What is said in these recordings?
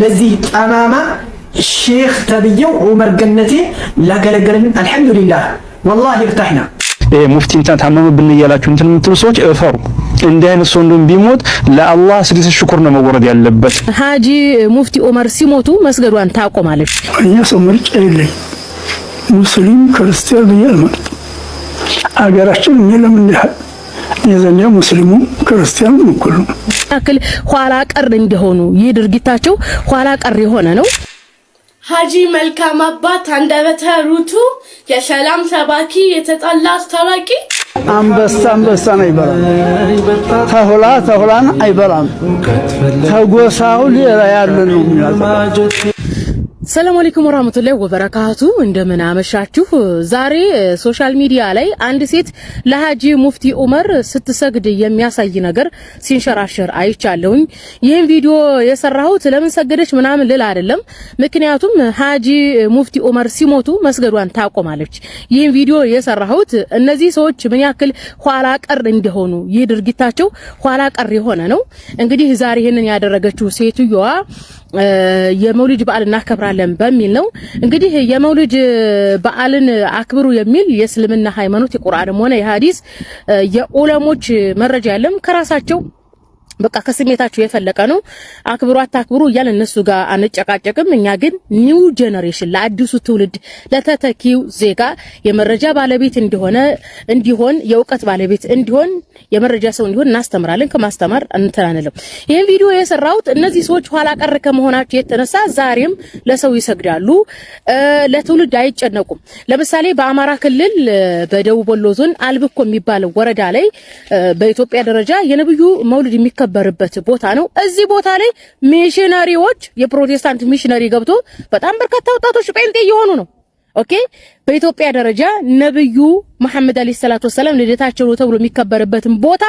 ለዚህ ጠማማ ሼክ ተብዬው ዑመር ገነቴ ላገለገለልን አልሐምዱሊላህ ወላሂ እርታሕና። ይሄ ሙፍቲን ታመመብን እያላችሁ እንትን የምትሉ ሰዎች እፈሩ። እንዲህ አይነት ሰው እንደውም ቢሞት ለአላህ ስድስት ሽኩር ነው መወረድ ያለበት። ሀጂ ሙፍቲ ዑመር ሲሞቱ መስገዷን ታቆማለች። እኛ ሰው ምርጫ የለኝ ሙስሊም ክርስቲያን ብያል ማለት አገራችን የሚለም እንዲህ የዘንድሮ ሙስሊሙ ክርስቲያኑ እኩል ያክል ኋላ ቀር እንዲሆኑ ይህ ድርጊታቸው ኋላ ቀር የሆነ ነው። ሀጂ መልካም አባት አንደበተ ሩቱ የሰላም ሰባኪ የተጣላ አስታራቂ አንበሳ አንበሳን አይበላም፣ ተሁላ ተሁላን አይበላም። ተጎሳው ሌላ ያለ ነው። ሰላም አለይኩም ወራህመቱላሂ ወበረካቱ። እንደምን አመሻችሁ። ዛሬ ሶሻል ሚዲያ ላይ አንድ ሴት ለሀጂ ሙፍቲ ኡመር ስትሰግድ የሚያሳይ ነገር ሲንሸራሸር አይቻለሁኝ። ይህን ቪዲዮ የሰራሁት ለምን ሰገደች ምናምን ልል አይደለም። ምክንያቱም ሀጂ ሙፍቲ ዑመር ሲሞቱ መስገዷን ታቆማለች። ይህን ቪዲዮ የሰራሁት እነዚህ ሰዎች ምን ያክል ኋላ ቀር እንደሆኑ፣ ይህ ድርጊታቸው ኋላ ቀር የሆነ ነው። እንግዲህ ዛሬ ይህንን ያደረገችው ሴትዮዋ የመውሊድ በዓል እናከብራለን በሚል ነው። እንግዲህ የመውሊድ በዓልን አክብሩ የሚል የእስልምና ሃይማኖት የቁርአንም ሆነ የሀዲስ የዑለሞች መረጃ የለም ከራሳቸው በቃ ከስሜታችሁ የፈለቀ ነው። አክብሩ አታክብሩ እያለ እነሱ ጋር አንጨቃጨቅም። እኛ ግን ኒው ጄኔሬሽን ለአዲሱ ትውልድ ለተተኪው ዜጋ የመረጃ ባለቤት እንደሆነ እንዲሆን የእውቀት ባለቤት እንዲሆን የመረጃ ሰው እንዲሆን እናስተምራለን። ከማስተማር እንተናነለም። ይህን ቪዲዮ የሰራሁት እነዚህ ሰዎች ኋላ ቀር ከመሆናቸው የተነሳ ዛሬም ለሰው ይሰግዳሉ፣ ለትውልድ አይጨነቁም። ለምሳሌ በአማራ ክልል በደቡብ ወሎ ዞን አልብኮ የሚባለው ወረዳ ላይ በኢትዮጵያ ደረጃ የነብዩ መውልድ የሚከ የነበረበት ቦታ ነው። እዚህ ቦታ ላይ ሚሽነሪዎች የፕሮቴስታንት ሚሽነሪ ገብቶ በጣም በርካታ ወጣቶች ጴንጤ እየሆኑ ነው። ኦኬ በኢትዮጵያ ደረጃ ነብዩ መሐመድ አለይሂ ሰላቱ ወሰለም ልደታቸው ነው ተብሎ የሚከበርበትን ቦታ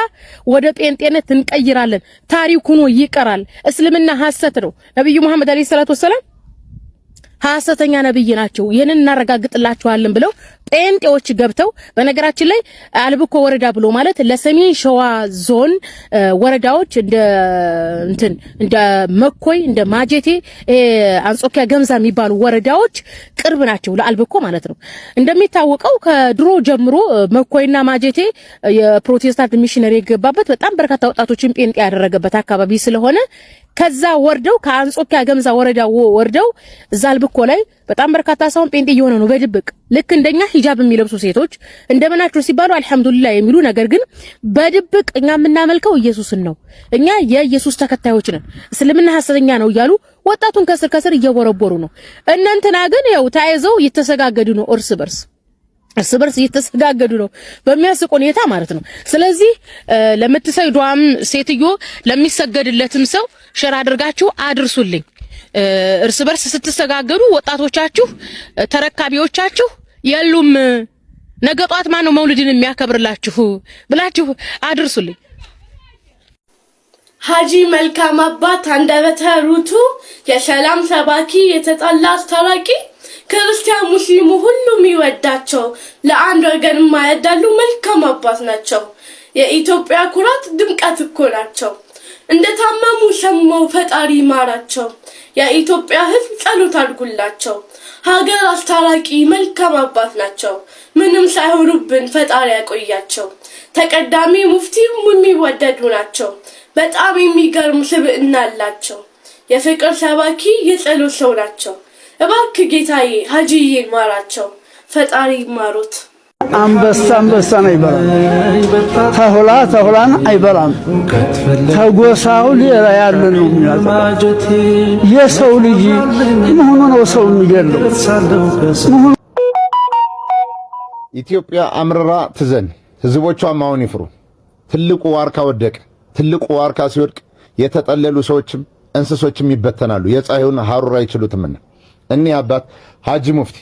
ወደ ጴንጤነት እንቀይራለን። ታሪክ ይቀራል። እስልምና ሐሰት ነው። ነብዩ መሐመድ አለይሂ ሰላቱ ወሰለም ሐሰተኛ ነብይ ናቸው፣ ይህንን እናረጋግጥላችኋለን ብለው ጴንጤዎች ገብተው በነገራችን ላይ አልብኮ ወረዳ ብሎ ማለት ለሰሜን ሸዋ ዞን ወረዳዎች እንደ እንትን እንደ መኮይ እንደ ማጀቴ አንጾኪያ ገምዛ የሚባሉ ወረዳዎች ቅርብ ናቸው ለአልብኮ ማለት ነው። እንደሚታወቀው ከድሮ ጀምሮ መኮይና ማጀቴ የፕሮቴስታንት ሚሽነሪ የገባበት በጣም በርካታ ወጣቶችን ጴንጤ ያደረገበት አካባቢ ስለሆነ ከዛ ወርደው ከአንጾኪያ ገምዛ ወረዳ ወርደው እዛ አልብኮ ላይ በጣም በርካታ ሰውን ጴንጤ እየሆነ ነው በድብቅ ልክ እንደኛ ሂጃብ የሚለብሱ ሴቶች እንደምናችሁ ሲባሉ አልሐምዱሊላህ የሚሉ ነገር ግን በድብቅ እኛ የምናመልከው ኢየሱስን ነው፣ እኛ የኢየሱስ ተከታዮች ነን፣ እስልምና ሐሰተኛ ነው እያሉ ወጣቱን ከስር ከስር እየቦረቦሩ ነው። እነንትና ግን ያው ተያይዘው እየተሰጋገዱ ነው እርስ በርስ እርስ በርስ እየተሰጋገዱ ነው በሚያስቅ ሁኔታ ማለት ነው። ስለዚህ ለምትሰግዷም ሴትዮ ለሚሰገድለትም ሰው ሸር አድርጋችሁ አድርሱልኝ። እርስ በርስ ስትሰጋገዱ ወጣቶቻችሁ ተረካቢዎቻችሁ የሉም፣ ነገ ጧት ማን ነው መውሊድን የሚያከብርላችሁ ብላችሁ አድርሱልኝ። ሀጂ መልካም አባት አንደበተ የሰላም ሰባኪ የተጣላ አስታራቂ ክርስቲያን፣ ሙስሊሙ ሁሉም ይወዳቸው። ለአንድ ወገን የማይዳሉ መልካም አባት ናቸው። የኢትዮጵያ ኩራት ድምቀት እኮ ናቸው። እንደ ታመሙ ሰማው ፈጣሪ ማራቸው። የኢትዮጵያ ሕዝብ ጸሎት አድርጉላቸው። ሀገር አስታራቂ መልካም አባት ናቸው። ምንም ሳይሆኑብን ፈጣሪ ያቆያቸው። ተቀዳሚ ሙፍቲም የሚወደዱ ናቸው። በጣም የሚገርም ስብዕና አላቸው። የፍቅር ሰባኪ የጸሎት ሰው ናቸው። እባክ ጌታዬ ሀጂዬ ይማራቸው፣ ፈጣሪ ይማሩት። አንበሳ አንበሳን አይበላም፣ ተሁላ ተሁላን አይበላም። ተጎሳው ሌላ ያለ ነው የሚያጠቃው። የሰው ልጅ መሆኑ ነው ሰው የሚገለው። ኢትዮጵያ አምርራ ትዘን፣ ህዝቦቿም አሁን ይፍሩ። ትልቁ ዋርካ ወደቀ። ትልቁ ዋርካ ሲወድቅ የተጠለሉ ሰዎችም እንስሶችም ይበተናሉ። የፀሐዩን ሐሩር አይችሉትምና እኔ አባት ሐጂ ሙፍቲ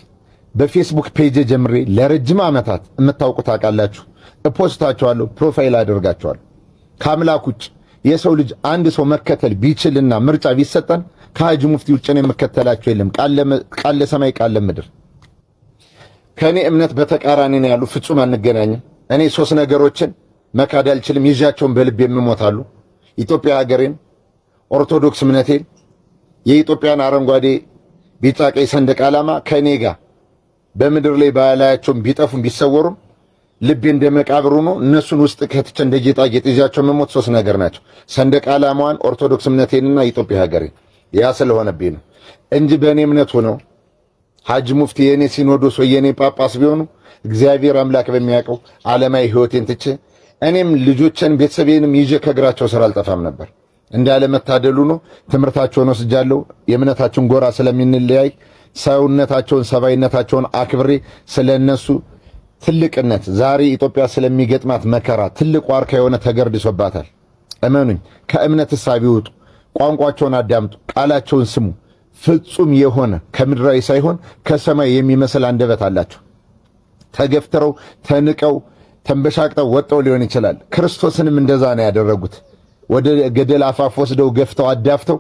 በፌስቡክ ፔጅ ጀምሬ ለረጅም ዓመታት የምታውቁ ታውቃላችሁ። እፖስታችኋለሁ፣ ፕሮፋይል አደርጋችኋለሁ። ከአምላክ ውጭ የሰው ልጅ አንድ ሰው መከተል ቢችልና ምርጫ ቢሰጠን ከሀጂ ሙፍቲ ውጭ ነው የምከተላቸው የለም። ቃለ ሰማይ ቃለ ምድር ከእኔ እምነት በተቃራኒ ነው ያሉ ፍጹም አንገናኝም። እኔ ሶስት ነገሮችን መካድ አልችልም፣ ይዣቸውን በልብ የምሞታሉ ኢትዮጵያ ሀገሬን፣ ኦርቶዶክስ እምነቴን፣ የኢትዮጵያን አረንጓዴ ቢጫ ቀይ ሰንደቅ ዓላማ ከእኔ ጋር በምድር ላይ ባላያቸውም ቢጠፉም ቢሰወሩም ልቤ እንደ መቃብር ሆኖ እነሱን ውስጥ ከትቼ እንደ ጌጣጌጥ ይዣቸው መሞት ሶስት ነገር ናቸው። ሰንደቅ ዓላማዋን፣ ኦርቶዶክስ እምነቴንና ኢትዮጵያ ሀገሬን። ያ ስለሆነብኝ ነው እንጂ በእኔ እምነት ሆነው ሀጅ ሙፍቲ የእኔ ሲኖዶስ ወይ የእኔ ጳጳስ ቢሆኑ እግዚአብሔር አምላክ በሚያውቀው ዓለማዊ ሕይወቴን ትቼ እኔም ልጆቼን ቤተሰቤንም ይዤ ከእግራቸው ስራ አልጠፋም ነበር። እንዳለመታደሉ ነው። ትምህርታቸውን ወስጃለሁ። የእምነታቸውን ጎራ ስለምንለያይ ሰውነታቸውን፣ ሰብአዊነታቸውን አክብሬ ስለነሱ ትልቅነት ዛሬ ኢትዮጵያ ስለሚገጥማት መከራ ትልቅ ዋርካ የሆነ ተገርድሶባታል። እመኑኝ፣ ከእምነት እሳቢ ውጡ፣ ቋንቋቸውን አዳምጡ፣ ቃላቸውን ስሙ። ፍጹም የሆነ ከምድራዊ ሳይሆን ከሰማይ የሚመስል አንደበት አላቸው። ተገፍትረው ተንቀው ተንበሻቅጠው ወጠው ሊሆን ይችላል። ክርስቶስንም እንደዛ ነው ያደረጉት። ወደ ገደል አፋፍ ወስደው ገፍተው አዳፍተው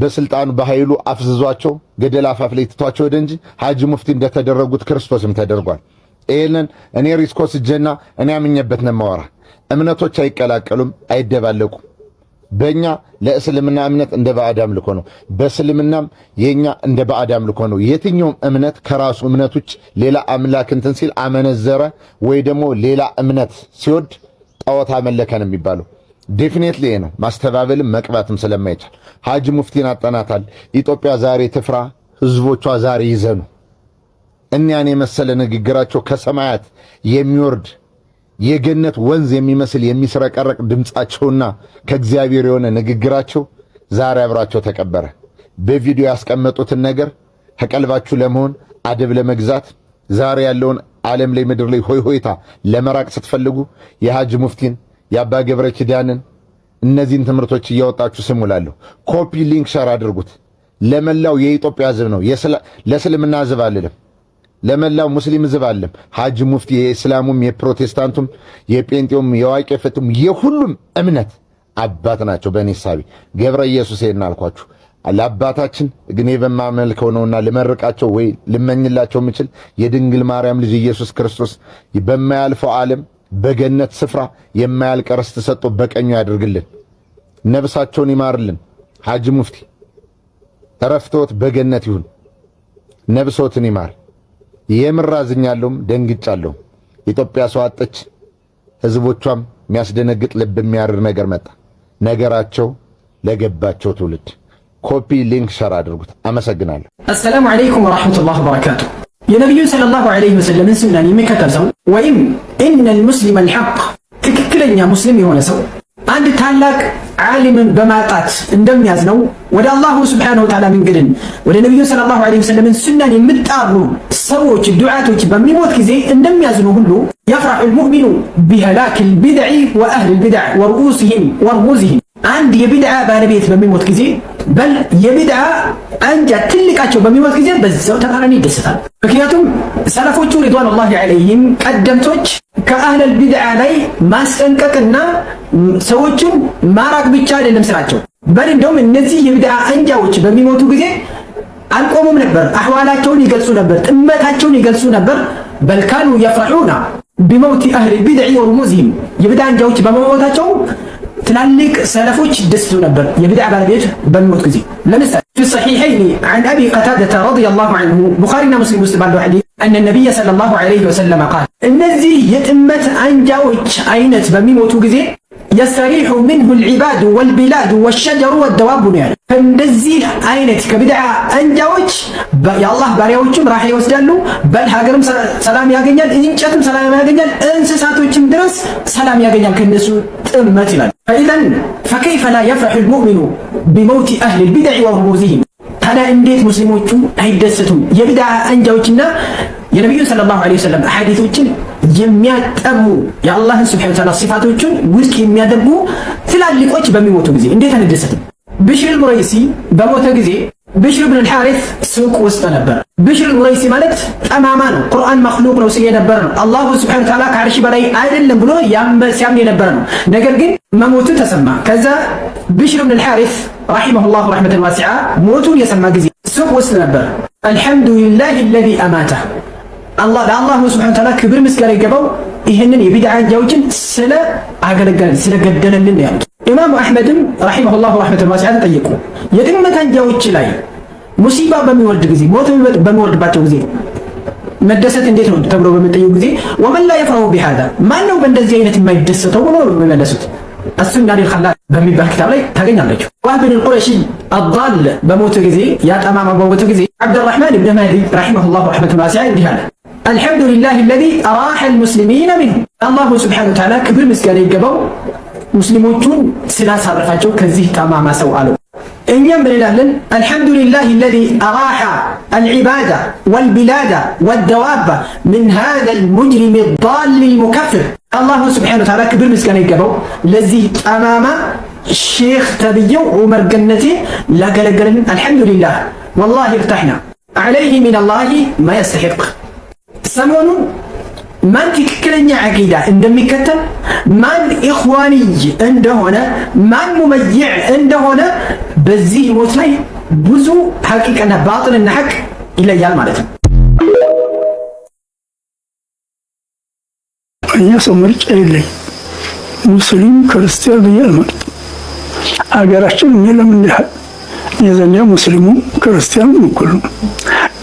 በስልጣኑ በኃይሉ አፍዝዟቸው ገደል አፋፍ ላይ ትቷቸው ወደ እንጂ ሐጂ ሙፍቲ እንደተደረጉት ክርስቶስም ተደርጓል። ይህንን እኔ ሪስኮ ወስጄና እኔ አምኜበት ነው የማወራ። እምነቶች አይቀላቀሉም፣ አይደባለቁም። በእኛ ለእስልምና እምነት እንደ ባዕድ አምልኮ ነው። በእስልምናም የእኛ እንደ ባዕድ አምልኮ ነው። የትኛውም እምነት ከራሱ እምነት ውጭ ሌላ አምላክ እንትን ሲል አመነዘረ ወይ ደግሞ ሌላ እምነት ሲወድ ጣዖት አመለከ ነው የሚባለው። ዴፊኔትሊ ይሄ ነው። ማስተባበልም መቅባትም ስለማይቻል ሀጅ ሙፍቲን አጠናታል። ኢትዮጵያ ዛሬ ትፍራ፣ ህዝቦቿ ዛሬ ይዘኑ። እኒያን የመሰለ ንግግራቸው ከሰማያት የሚወርድ የገነት ወንዝ የሚመስል የሚስረቀረቅ ድምፃቸውና ከእግዚአብሔር የሆነ ንግግራቸው ዛሬ አብራቸው ተቀበረ። በቪዲዮ ያስቀመጡትን ነገር ከቀልባችሁ ለመሆን አደብ ለመግዛት ዛሬ ያለውን ዓለም ላይ ምድር ላይ ሆይ ሆይታ ለመራቅ ስትፈልጉ የሀጅ ሙፍቲን የአባ ገብረ ኪዳንን እነዚህን ትምህርቶች እያወጣችሁ ስሙ እላለሁ። ኮፒ ሊንክ ሸር አድርጉት ለመላው የኢትዮጵያ ህዝብ ነው። ለእስልምና ህዝብ አልልም፣ ለመላው ሙስሊም ህዝብ አለም። ሀጅ ሙፍቲ የእስላሙም፣ የፕሮቴስታንቱም፣ የጴንጤውም፣ ፍትም የሁሉም እምነት አባት ናቸው። በእኔ ሳቢ ገብረ ኢየሱስ እናልኳችሁ ለአባታችን ግን በማመልከው ነውና ልመርቃቸው ወይ ልመኝላቸው የምችል የድንግል ማርያም ልጅ ኢየሱስ ክርስቶስ በማያልፈው ዓለም በገነት ስፍራ የማያልቅ ርስት ሰጥቶ በቀኙ ያድርግልን፣ ነብሳቸውን ይማርልን። ሐጂ ሙፍቲ እረፍቶት በገነት ይሁን፣ ነብሶትን ይማር። የምራዝኛለሁም ደንግጫለሁም። ኢትዮጵያ ሰው አጠች፣ ህዝቦቿም የሚያስደነግጥ ልብ የሚያርር ነገር መጣ። ነገራቸው ለገባቸው ትውልድ ኮፒ ሊንክ ሸር አድርጉት። አመሰግናለሁ። አሰላሙ አለይኩም ወራህመቱላህ ወበረካቱ የነቢዩን ሰለላሁ ዐለይሂ ወሰለምን ሱናን የሚከተል ሰው ወይም ኢነል ሙስሊመል ሐቅ ትክክለኛ ሙስሊም የሆነ ሰው አንድ ታላቅ ዓሊምን በማጣት እንደሚያዝነው ወደ አላሁ ስብሓነሁ ወተዓላ መንገድን ወደ ነቢዩ ሰለላሁ ዐለይሂ ወሰለምን ሱናን የምጣሩ ሰዎች ዱዓቶች በሚሞት ጊዜ እንደሚያዝኑ ሁሉ የፍራሑል ሙእሚኑ ቢህላኪል ቢድዒ ወአህሊል ቢድዕ ወርኡሲሂም ወርሙዝሂም አንድ የቢድዓ ባለቤት በሚሞት ጊዜ በል የቢድዓ አንጃ ትልቃቸው በሚሞት ጊዜ በዛው ተቃራኒ ይደሰታል። ምክንያቱም ሰለፎቹ ሪድዋን ላሂ ዐለይሂም ቀደምቶች ከአህለል ቢድዓ ላይ ማስጠንቀቅና ሰዎችን ማራቅ ብቻ አይደለም ስራቸው። በል እንደውም እነዚህ የቢድዓ አንጃዎች በሚሞቱ ጊዜ አልቆሙም ነበር። አህዋላቸውን ይገልጹ ነበር፣ ጥመታቸውን ይገልጹ ነበር። በልካኑ የፍረሑና ቢመውቲ አህል ቢድዕ ወሩሙዚህም የቢድዓ አንጃዎች በመሞታቸው ትላልቅ ሰለፎች ደስቱ ነበር። የቢድዓ ባለቤቶች በሚሞት ጊዜ ለምሳሌ في الصحيحين عن أبي قتادة رضي الله عنه بخارينا مسلم ውስጥ ባለው أن النبي صلى الله عليه وسلم قال እነዚህ የጥመት አንጃዎች اينت بميموتو ጊዜ يستريح منه العباد والبلاد والشجر والدواب ነው ከእንደዚህ አይነት ከቢድዓ አንጃዎች የአላህ ባሪያዎችም ራሓ ይወስዳሉ። በል ሀገርም ሰላም ያገኛል፣ እንጨትም ሰላም ያገኛል፣ እንስሳቶችም ድረስ ሰላም ያገኛል ከእነሱ ጥመት ይላል። ፈኢዘን ፈከይፈ ላ የፍረሑ ልሙእሚኑ ቢመውቲ አህል ልቢድዕ ወሩሙዚህም። ታዲያ እንዴት ሙስሊሞቹ አይደሰቱም የቢድዓ አንጃዎችና የነቢዩን ሰለላሁ ዐለይሂ ወሰለም ሐዲቶችን የሚያጠሙ የአላህን ስብሐነ ወተዓላ ሲፋቶችን ውድቅ የሚያደርጉ ትላልቆች በሚሞቱ ጊዜ እንዴት አንደሰትም? ብሽር አልቁረይሲ በሞተ ጊዜ ብሽር ብን ልሓሪስ ሱቅ ውስጥ ነበር። ብሽር አልቁረይሲ ማለት ጠማማ ነው። ቁርአን መክሉቅ ነው ሲል የነበረ ነው። አላሁ ስብሓነሁ ወተዓላ ከዓርሽ በላይ አይደለም ብሎ ሲያምን የነበረ ነው። ነገር ግን መሞቱ ተሰማ። ከዛ ብሽር ብን ልሓሪስ ረሒመሁላሁ ረሕመተን ዋሲዓ ሞቱን የሰማ ጊዜ ሱቅ ውስጥ ነበር። አልሐምዱሊላህ አለዚ አማተ አላህ ለአላህ ሱብሓነሁ ወተዓላ ክብር ምስጋና ይገባው። ይህንን የቢድዓ አንጃዎችን ስለ አገለገለን ስለገደለልን ያሉት ኢማሙ አሕመድም ረሒመሁላሁ ረሕመቱን ዋሲዐን ጠየቁ። የጥመት አንጃዎች ላይ ሙሲባ በሚወርድ ጊዜ ሞት በሚወርድባቸው ጊዜ መደሰት እንዴት ነው ተብሎ በሚጠየቁ ጊዜ ወመን ላ የፍረሁ ቢሃዳ ማን ነው በእንደዚህ አይነት የማይደሰተው ብሎ የሚመለሱት አሱና ዲል ኸላል በሚባል ክታብ ላይ ታገኛለች። ዋህብ ብን ቁረሺ አዳል በሞተ ጊዜ ያ በሞተ ጊዜ ዓብድራሕማን ብን ማህዲ ረሒመሁላሁ ረሕመቱን ዋሲዐን እንዲህ አለ አልሐምዱሊላህ አለዚ አራሐል ሙስሊሚነ ሚንሁ አላሁ ሱብሓነሁ ወተዓላ ክብር ምስጋና ይገባው ሙስሊሞቹን ስላሳረፋቸው ከዚህ ጠማማ ሰው አለው። እኛም ብንላለን አልሐምዱሊላህ አለዚ አራሐ አልዒባደ ወልቢላደ ወደዋበ ምን ሃዘል ሙጅሪም ዳሊል ሙከፍር አላሁ ሱብሓነሁ ወተዓላ ክብር ምስጋና ይገባው ለዚህ ጠማማ ሼክ ተብዬው ዑመር ገነቴ ላገለገለን አልሐምዱሊላህ ወላሂ እርታሕና ዐለይሂ ሚነላሂ ማ የስተሒቅ ሰሞኑን ማን ትክክለኛ አቂዳ እንደሚከተል ማን ኢኽዋንይ እንደሆነ ማን ሙመይዕ እንደሆነ በዚህ ሞት ላይ ብዙ ሐቂቅና ባጥልና ሐቅ ይለያል ማለት ነው። እኛ ሰው ምርጫ የለኝ ሙስሊም ክርስቲያን ብዬ አልመርጥ። አገራችን የሚለም እንዲል የዘንዲያ ሙስሊሙም ክርስቲያኑም እኩል ነው።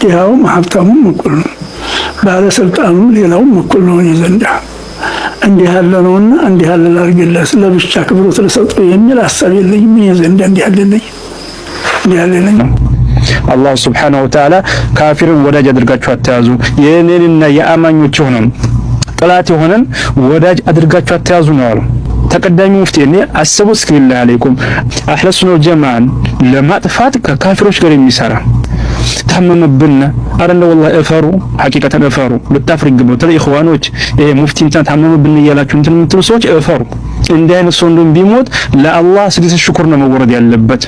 ድሃውም ሀብታሙም እኩል ነው። ባለስልጣኑም ሌላውም እኩል ነው እኔ ዘንዳ እንዲህ ያለ ነውና እንዲህ ያለ ላድርግልህ ስለብቻ ክብሩ ልሰጠው የሚል ሀሳብ የለኝም እኔ ዘንዳ እንዲህ ያለልኝ እንዲህ ያለልኝ አላህ ስብሓነሁ ወተዓላ ካፊርን ወዳጅ አድርጋችሁ አተያዙ። የእኔንና የአማኞች የሆነን ጥላት የሆነን ወዳጅ አድርጋችሁ አተያዙ ነው አሉ። ተቀዳሚ ሙፍቲ እኔ አሰቡ እስኪ ቢላሂ አለይኩም አህለሱና ወልጀማዓን ለማጥፋት ከካፊሮች ጋር የሚሰራ ታመመብን። አረ እንደው ወላሂ እፈሩ፣ ሐቂቀተን እፈሩ። ልታፍሪግ ነው ተለ ኢኽዋኖች፣ ይሄ ሙፍቲ እንትን ታመመብን እያላችሁ እንትን የምትሉ ሰዎች እፈሩ። እንዲህ አይነት ሰው እንደም ቢሞት ለአላህ ስድስት ሽኩር ነው መወረድ ያለበት።